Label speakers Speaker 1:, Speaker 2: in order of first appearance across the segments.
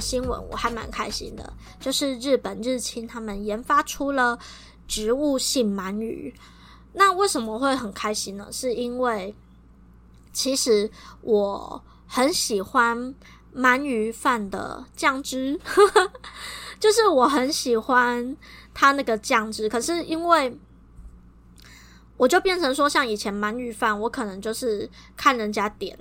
Speaker 1: 新聞我還蠻開心的，就是日本日清他們研發出了植物性鰻魚。那為什麼會很開心呢？是因為其實我很喜歡鰻魚飯的醬汁， 就是我很喜歡它那個醬汁。可是因為我就變成說，像以前鰻魚飯，我可能就是看人家點，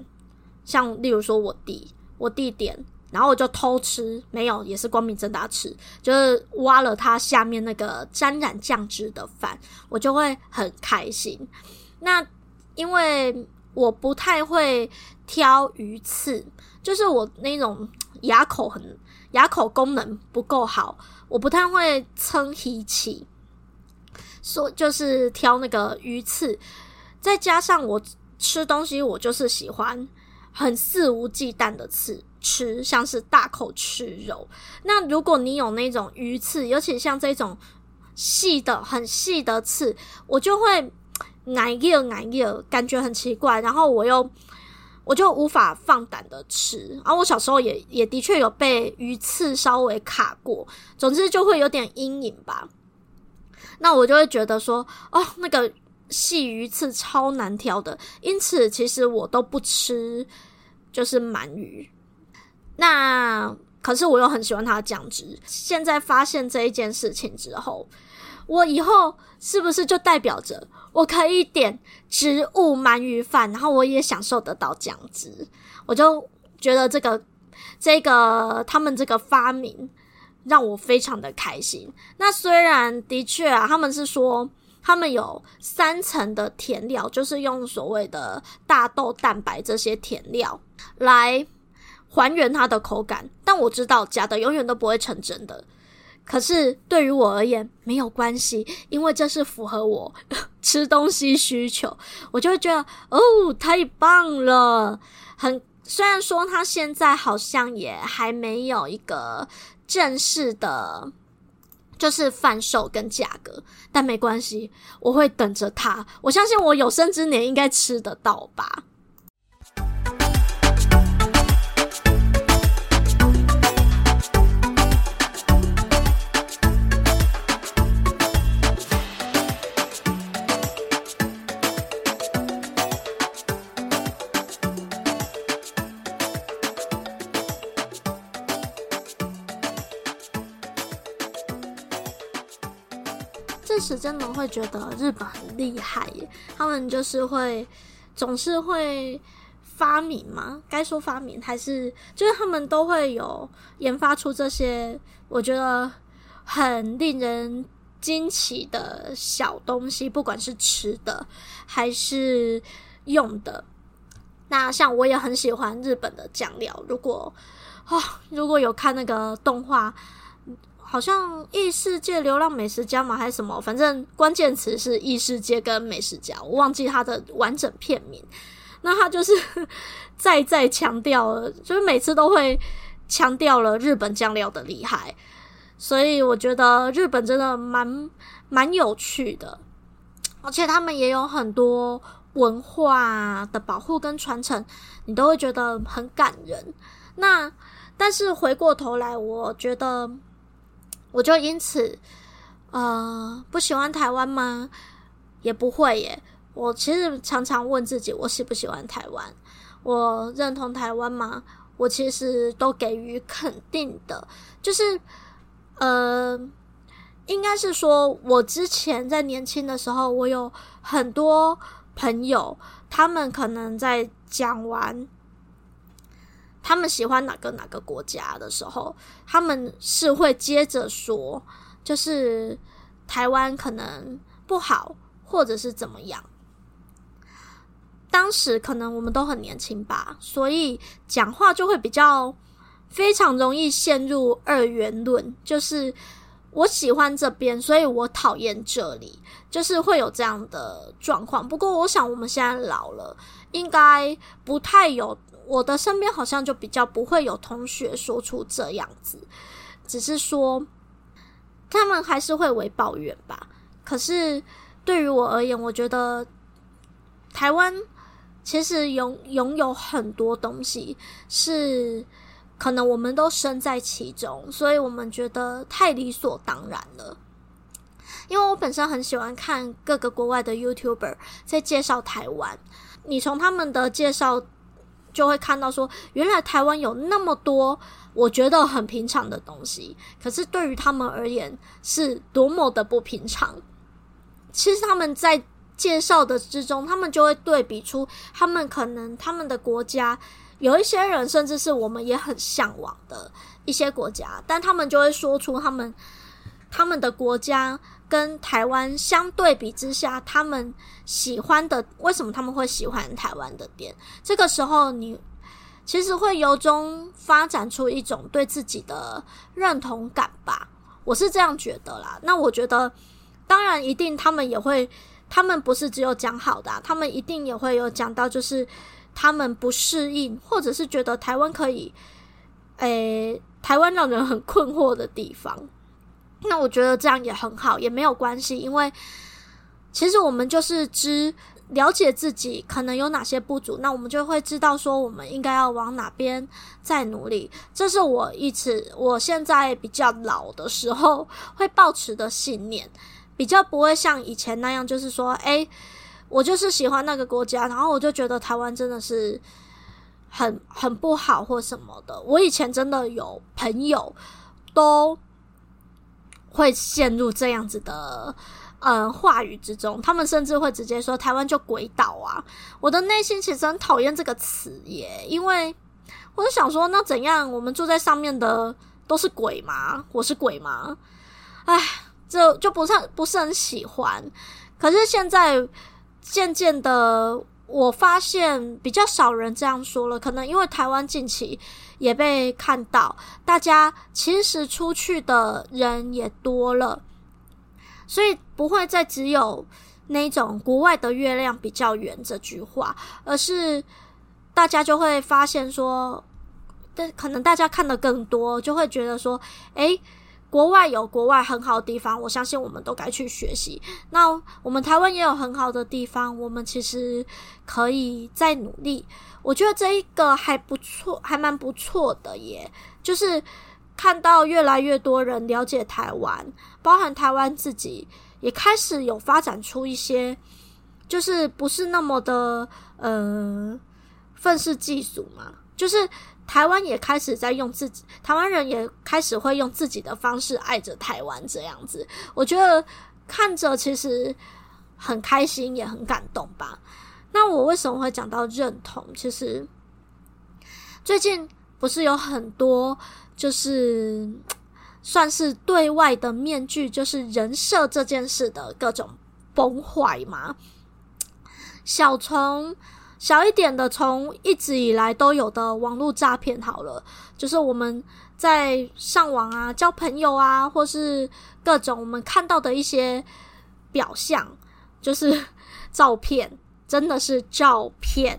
Speaker 1: 像例如說我弟，我弟點。然後我就偷吃，沒有，也是光明正大吃，就是挖了它下面那個沾染醬汁的飯，我就會很開心。那因為我不太會挑魚刺，就是我那種牙口很牙口功能不夠好，我不太會撐起起，說就是挑那個魚刺，再加上我吃東西，我就是喜歡很肆無忌憚的吃。吃像是大口吃肉，那如果你有那種魚刺，尤其像這種細的、很細的刺，我就會挨一個挨一個，感覺很奇怪，然後我又我就無法放膽的吃。然、啊、後我小時候也也的確有被魚刺稍微卡過，總之就會有點陰影吧。那我就會覺得說，哦，那個細魚刺超難挑的，因此其實我都不吃，就是鰻魚。那可是我又很喜歡它的醬汁。現在發現這一件事情之後，我以後是不是就代表着我可以點植物鰻魚飯，然後我也享受得到醬汁？我就覺得這個這個他們這個發明讓我非常的開心。那雖然的確啊，他們是說他們有三層的填料，就是用所謂的大豆蛋白這些填料來。還原它的口感，但我知道假的永遠都不會成真的。可是對於我而言沒有關係，因為這是符合我吃東西需求，我就會覺得哦太棒了，很雖然說它現在好像也還沒有一個正式的，就是販售跟價格，但沒關係，我會等着它。我相信我有生之年應該吃得到吧。真的會覺得日本很厲害耶！他們就是會總是會發明嘛，該說發明還是就是他們都會有研發出這些我覺得很令人驚奇的小東西，不管是吃的還是用的。那像我也很喜歡日本的醬料，如果啊、哦、如果有看那個動畫。好像異世界流浪美食家嘛，還是什麼？反正關鍵詞是異世界跟美食家，我忘記它的完整片名。那他就是呵呵，再再強調了，就是每次都會強調了日本醬料的厲害。所以我覺得日本真的蠻蠻有趣的，而且他們也有很多文化的保護跟傳承，你都會覺得很感人。那但是回過頭來，我覺得。我就因此，呃，不喜歡台灣嗎？也不會耶。我其實常常問自己，我喜不喜歡台灣？我認同台灣嗎？我其實都給予肯定的。就是，呃，應該是說，我之前在年輕的時候，我有很多朋友，他們可能在講完。他們喜歡哪個哪個國家的時候，他們是會接着說，就是台灣可能不好，或者是怎麼樣。當時可能我們都很年輕吧，所以講話就會比較非常容易陷入二元論，就是我喜歡這邊，所以我討厭這裡，就是會有這樣的狀況。不過我想我們現在老了，應該不太有。我的身邊好像就比較不會有同學說出這樣子，只是說他們還是會微抱怨吧。可是對於我而言，我覺得台灣其實擁擁有很多東西，是可能我們都身在其中，所以我們覺得太理所當然了。因為我本身很喜歡看各個國外的 YouTuber 在介紹台灣，你從他們的介紹。就會看到說，原來台灣有那麼多我覺得很平常的東西，可是對於他們而言是多麼的不平常。其實他們在介紹的之中，他們就會對比出他們可能他們的國家有一些人，甚至是我們也很向往的一些國家，但他們就會說出他們他們的國家。跟台灣相對比之下，他們喜歡的，為什麼他們會喜歡台灣的店？這個時候你其實會由衷發展出一種對自己的認同感吧，我是這樣覺得啦。那我覺得，當然一定他們也會，他們不是只有講好的啊，他們一定也會有講到，就是他們不適應，或者是覺得台灣可以，誒、欸，台灣讓人很困惑的地方。那我覺得這樣也很好，也沒有關係，因為其實我們就是知了解自己可能有哪些不足，那我們就會知道說我們應該要往哪邊再努力。這是我一直，我現在比較老的時候會抱持的信念，比較不會像以前那樣，就是說，誒、欸，我就是喜歡那個國家，然後我就覺得台灣真的是很很不好或什麼的。我以前真的有朋友都，會陷入這樣子的呃話語之中，他們甚至會直接說台灣就鬼島啊！我的內心其實很討厭這個詞耶，因為我就想說，那怎樣我們住在上面的都是鬼嗎？我是鬼嗎？唉，這就不是不是很喜歡。可是現在漸漸的。我發現比較少人這樣說了，可能因為台灣近期也被看到，大家其實出去的人也多了，所以不會再只有那種國外的月亮比較圓這句話，而是大家就會發現說，但可能大家看得更多，就會覺得說，誒、欸。國外有國外很好的地方，我相信我們都該去學習。那我們台灣也有很好的地方，我們其實可以再努力。我覺得這一個還不錯，還蠻不錯的耶。就是看到越來越多人了解台灣，包含台灣自己也開始有發展出一些，就是不是那麼的嗯、呃、憤世嫉俗嘛，就是。台灣也開始在用自己，台灣人也開始會用自己的方式愛着台灣這樣子。我覺得看着其實很開心，也很感動吧。那我為什麼會講到認同？其實最近不是有很多就是算是對外的面具，就是人設這件事的各種崩壞嗎？小蟲。小一點的，從一直以來都有的網絡詐騙，好了，就是我們在上網啊、交朋友啊，或是各種我們看到的一些表象，就是照片，真的是照騙，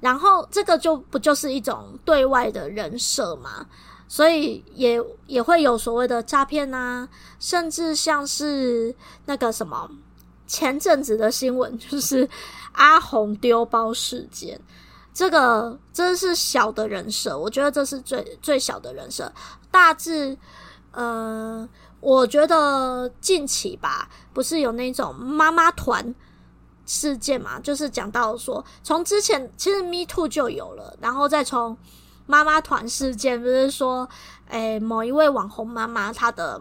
Speaker 1: 然後這個就不就是一種對外的人設嘛？所以也也會有所謂的詐騙啊，甚至像是那個什麼前陣子的新聞，就是。阿紅丟包事件，這個真是小的人設，我覺得這是最最小的人設。大致，嗯、呃，我覺得近期吧，不是有那種媽媽團事件嘛，就是講到說，從之前其實 Me Too 就有了，然後再從媽媽團事件，就是說，哎、欸，某一位網紅媽媽她的。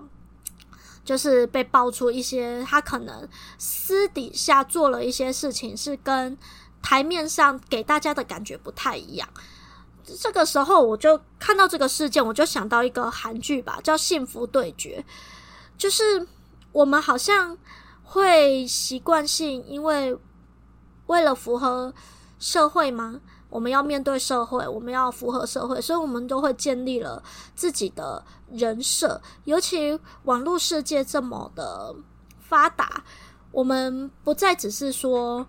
Speaker 1: 就是被爆出一些他可能私底下做了一些事情，是跟台面上給大家的感覺不太一樣。這個時候，我就看到這個事件，我就想到一個韓劇吧，叫《幸福對決》，就是我們好像會習慣性，因為為了符合社會嗎？我們要面對社會，我們要符合社會，所以，我們都會建立了自己的人設。尤其網絡世界這麼的發達，我們不再只是說，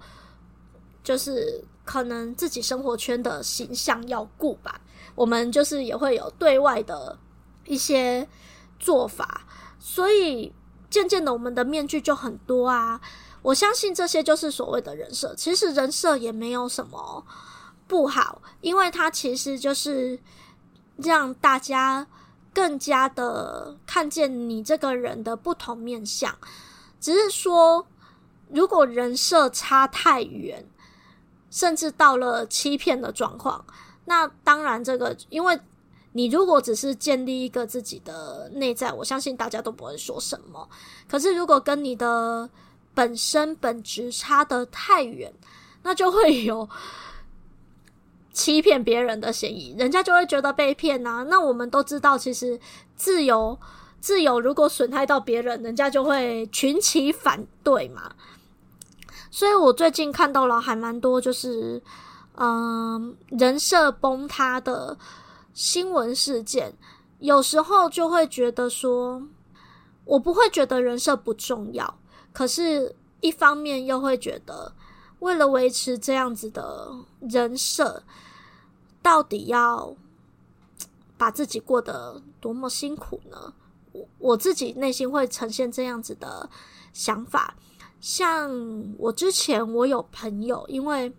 Speaker 1: 就是可能自己生活圈的形象要顧吧，我們就是也會有對外的一些做法。所以，漸漸的，我們的面具就很多啊。我相信這些就是所謂的人設。其實，人設也沒有什麼。不好，因為它其實就是讓大家更加的看見你這個人的不同面相。只是說，如果人設差太遠，甚至到了欺騙的狀況，那當然這個，因為你如果只是建立一個自己的內在，我相信大家都不會說什麼。可是，如果跟你的本身本質差得太遠，那就會有。欺騙別人的嫌疑，人家就會覺得被騙啊，那我們都知道，其實自由，自由如果損害到別人，人家就會群起反對嘛。所以我最近看到了還蠻多，就是嗯、呃，人設崩塌的新聞事件。有時候就會覺得說，我不會覺得人設不重要，可是，一方面又會覺得。為了維持這樣子的人設，到底要把自己過得多麼辛苦呢？我我自己內心會呈現這樣子的想法。像我之前，我有朋友，因為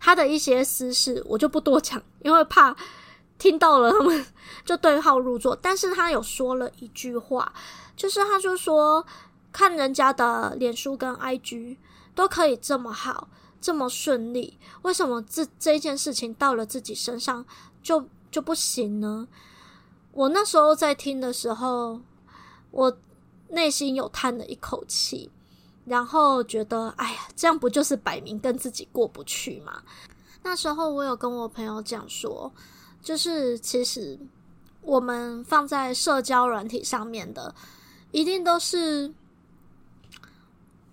Speaker 1: 他的一些私事，我就不多講，因為怕聽到了他們就對號入座。但是他有說了一句話，就是他就說，看人家的臉書跟 IG。都可以這麼好，這麼順利，為什麼這這件事情到了自己身上就就不行呢？我那時候在聽的時候，我內心有嘆了一口氣，然後覺得，哎呀，這樣不就是擺明跟自己過不去嗎？那時候我有跟我朋友講說，就是其實我們放在社交軟體上面的，一定都是。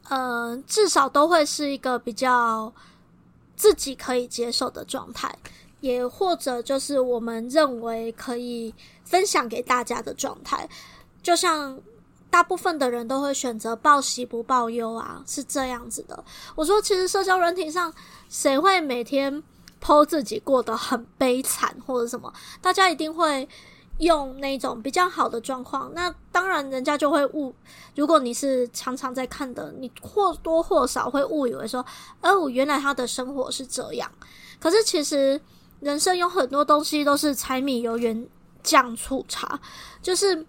Speaker 1: 嗯、呃，至少都會是一個比較自己可以接受的狀態，也或者就是我們認為可以分享給大家的狀態。就像大部分的人都會選擇報喜不報憂啊，是這樣子的。我說，其實社交軟體上，誰會每天 po 自己過得很悲慘或者什麼？大家一定會。用那種比較好的狀況，那當然人家就會誤。如果你是常常在看的，你或多或少會誤以為說，哦，原來他的生活是這樣。可是其實人生有很多東西都是柴米油鹽醬醋茶，就是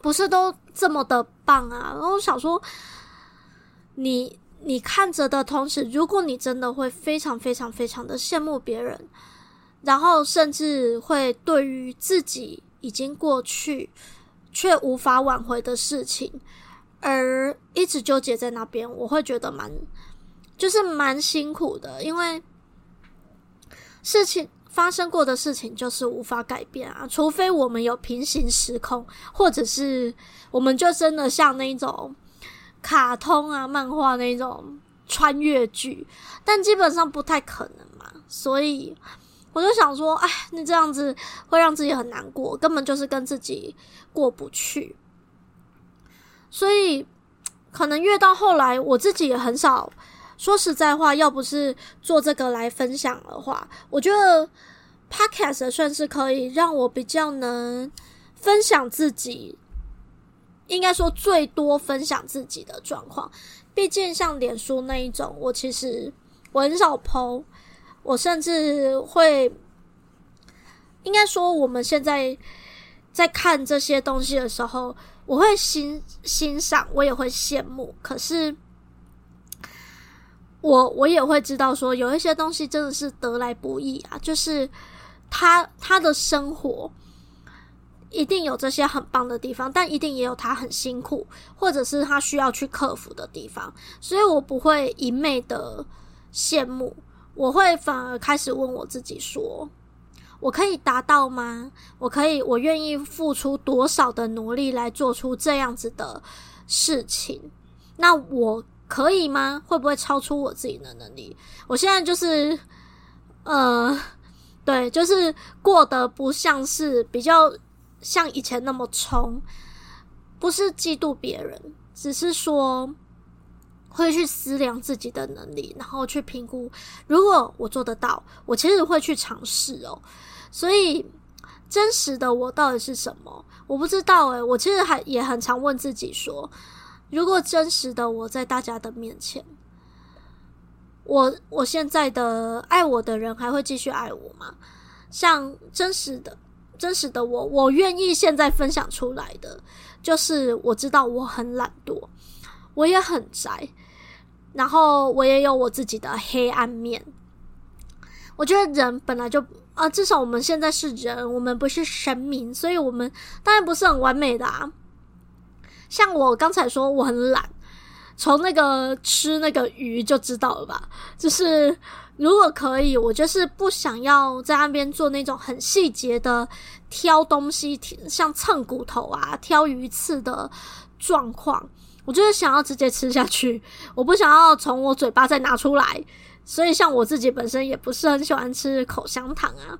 Speaker 1: 不是都這麼的棒啊？然後想說，你你看着的同時，如果你真的會非常非常非常的羨慕別人。然後甚至會對於自己已經過去卻無法挽回的事情而一直糾結在那邊，我會覺得蠻就是蠻辛苦的，因為事情發生過的事情就是無法改變啊，除非我們有平行時空，或者是我們就真的像那種卡通啊、漫畫那種穿越劇，但基本上不太可能嘛，所以。我就想說，哎，你這樣子會讓自己很難過，根本就是跟自己過不去。所以，可能越到後來，我自己也很少說實在話。要不是做這個來分享的話，我覺得 podcast 算是可以讓我比較能分享自己。應該說，最多分享自己的狀況。畢竟，像臉書那一種，我其實我很少 po。我甚至會，應該說，我們現在在看這些東西的時候，我會欣欣賞，我也會羨慕。可是我，我我也會知道說有一些東西真的是得來不易啊。就是他他的生活一定有這些很棒的地方，但一定也有他很辛苦，或者是他需要去克服的地方。所以我不會一昧的羨慕。我會反而開始問我自己：說，我可以達到嗎？我可以，我願意付出多少的努力來做出這樣子的事情？那我可以嗎？會不會超出我自己的能力？我現在就是，呃，對，就是過得不像是比較像以前那麼衝，不是嫉妒別人，只是說。會去思量自己的能力，然後去評估，如果我做得到，我其實會去嘗試哦。所以，真實的我到底是什麼？我不知道誒。我其實還也很常問自己說：如果真實的我在大家的面前，我我現在的愛我的人還會繼續愛我嗎？像真實的真實的我，我願意現在分享出來的，就是我知道我很懶惰，我也很宅。然後我也有我自己的黑暗面。我覺得人本來就啊、呃，至少我們現在是人，我們不是神明，所以我們當然不是很完美的啊。像我剛才說，我很懶，從那個吃那個魚就知道了吧。就是如果可以，我就是不想要在那邊做那種很細節的挑東西，像蹭骨頭啊、挑魚刺的狀況。我就是想要直接吃下去，我不想要從我嘴巴再拿出來。所以，像我自己本身也不是很喜歡吃口香糖啊。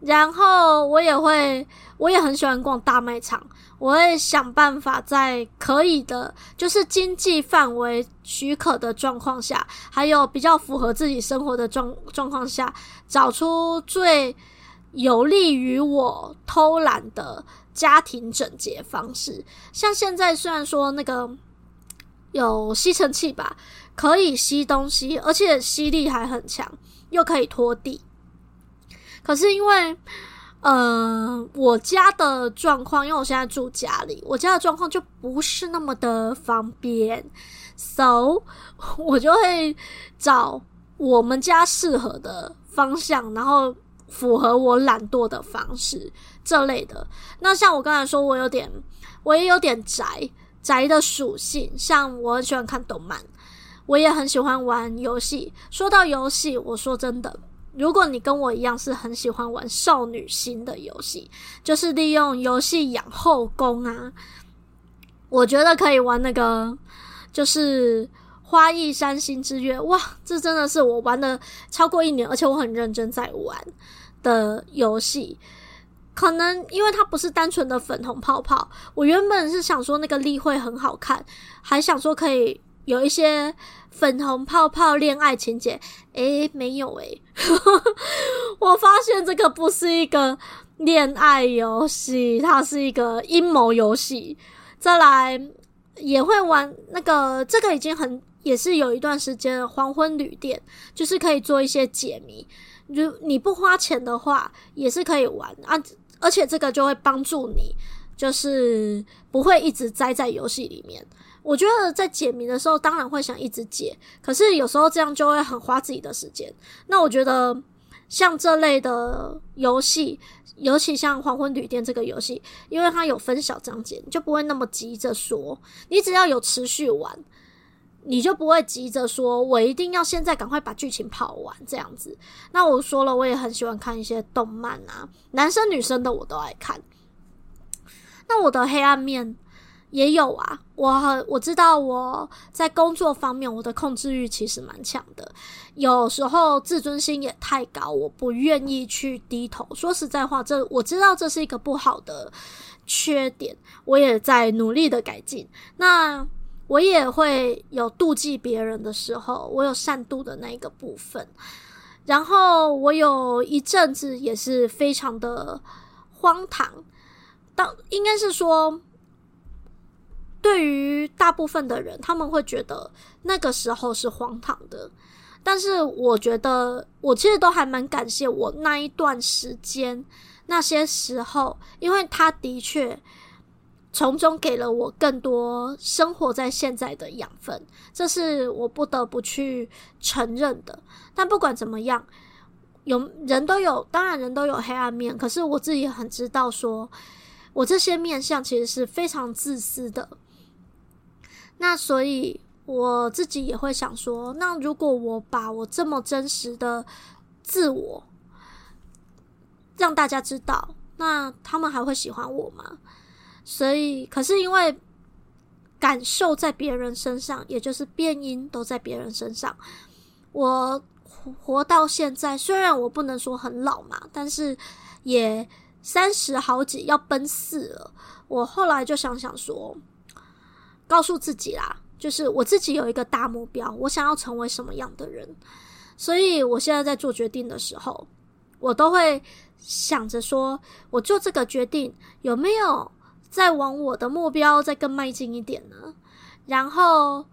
Speaker 1: 然後，我也會，我也很喜歡逛大賣場。我會想辦法在可以的，就是經濟範圍許可的狀況下，還有比較符合自己生活的狀狀況下，找出最有利於我偷懶的，家庭整潔方式，像現在雖然說那個有吸塵器吧，可以吸東西，而且吸力還很強，又可以拖地。可是因為，呃，我家的狀況，因為我現在住家裡，我家的狀況就不是那麼的方便。So，我就會找我們家適合的方向，然後符合我懶惰的方式。這類的，那像我剛才說，我有點，我也有點宅宅的屬性。像我很喜歡看動漫，我也很喜歡玩遊戲。說到遊戲，我說真的，如果你跟我一樣是很喜歡玩少女心的遊戲，就是利用遊戲養後宮啊，我覺得可以玩那個，就是《花亦山心之月》。哇，這真的是我玩了超過一年，而且我很認真在玩的遊戲。可能因為它不是單純的粉紅泡泡，我原本是想說那個立繪很好看，還想說可以有一些粉紅泡泡戀愛情節，誒、欸，沒有呵、欸， 我發現這個不是一個戀愛遊戲，它是一個陰謀遊戲。再來也會玩那個，這個已經很也是有一段時間了，黃昏旅店就是可以做一些解謎，如你不花錢的話也是可以玩啊。而且這個就會幫助你，就是不會一直栽在遊戲裡面。我覺得在解謎的時候，當然會想一直解，可是有時候這樣就會很花自己的時間。那我覺得像這類的遊戲，尤其像《黃昏旅店》這個遊戲，因為它有分小章節，你就不會那麼急着說，你只要有持續玩。你就不會急着說，我一定要現在趕快把劇情跑完這樣子。那我說了，我也很喜歡看一些動漫啊，男生女生的我都愛看。那我的黑暗面也有啊，我很……我知道我在工作方面我的控制欲其實蠻強的，有時候自尊心也太高，我不願意去低頭。說實在話，這我知道這是一個不好的缺點，我也在努力的改進。那。我也會有妒忌別人的時候，我有善妒的那一個部分。然後我有一陣子也是非常的荒唐，當應該是說，對於大部分的人，他們會覺得那個時候是荒唐的。但是我覺得，我其實都還蠻感謝我那一段時間那些時候，因為他的確。從中給了我更多生活在現在的養分，這是我不得不去承認的。但不管怎麼樣，有人都有，當然人都有黑暗面。可是我自己也很知道，說我這些面相其實是非常自私的。那所以我自己也會想說，那如果我把我這麼真實的自我讓大家知道，那他們還會喜歡我嗎？所以，可是因為感受在別人身上，也就是變因都在別人身上。我活到現在，雖然我不能說很老嘛，但是也三十好幾，要奔四了。我後來就想想說，告訴自己啦，就是我自己有一個大目標，我想要成為什麼樣的人。所以我現在在做決定的時候，我都會想着說，我做這個決定有沒有？再往我的目標再更邁進一點呢？然後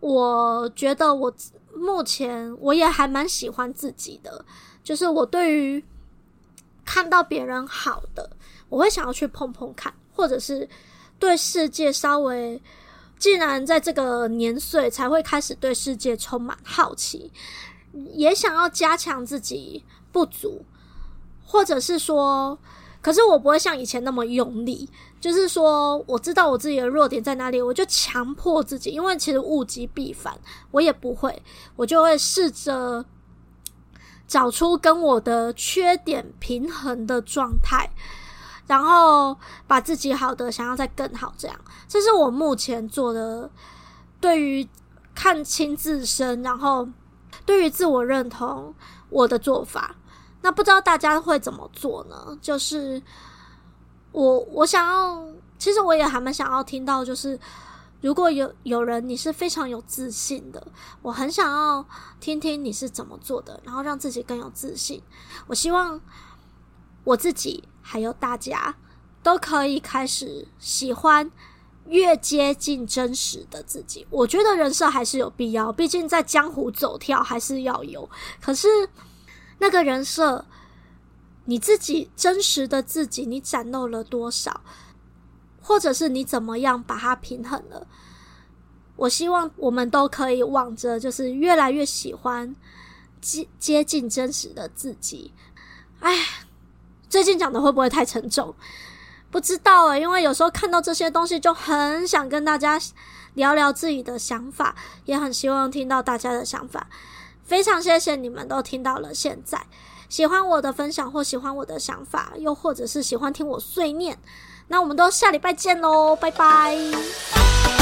Speaker 1: 我覺得我目前我也還蠻喜歡自己的，就是我對於看到別人好的，我會想要去碰碰看，或者是對世界稍微，既然在這個年歲才會開始對世界充滿好奇，也想要加強自己不足，或者是說。可是我不會像以前那麼用力，就是說我知道我自己的弱點在哪裡，我就強迫自己，因為其實物極必反，我也不會，我就會試着找出跟我的缺點平衡的狀態，然後把自己好的想要再更好，這樣，這是我目前做的，對於看清自身，然後對於自我認同我的做法。那不知道大家會怎麼做呢？就是我，我想要，其實我也還蠻想要聽到，就是如果有有人你是非常有自信的，我很想要聽聽你是怎麼做的，然後讓自己更有自信。我希望我自己還有大家都可以開始喜歡越接近真實的自己。我覺得人設還是有必要，畢竟在江湖走跳還是要有，可是。那個人設，你自己真實的自己，你展露了多少？或者是你怎麼樣把它平衡了？我希望我們都可以望著，就是越來越喜歡接接近真實的自己。哎，最近講的會不會太沉重？不知道哎、欸，因為有時候看到這些東西，就很想跟大家聊聊自己的想法，也很希望聽到大家的想法。非常謝謝你們都聽到了，現在喜歡我的分享或喜歡我的想法，又或者是喜歡聽我碎念，那我們都下禮拜見嘍，拜拜！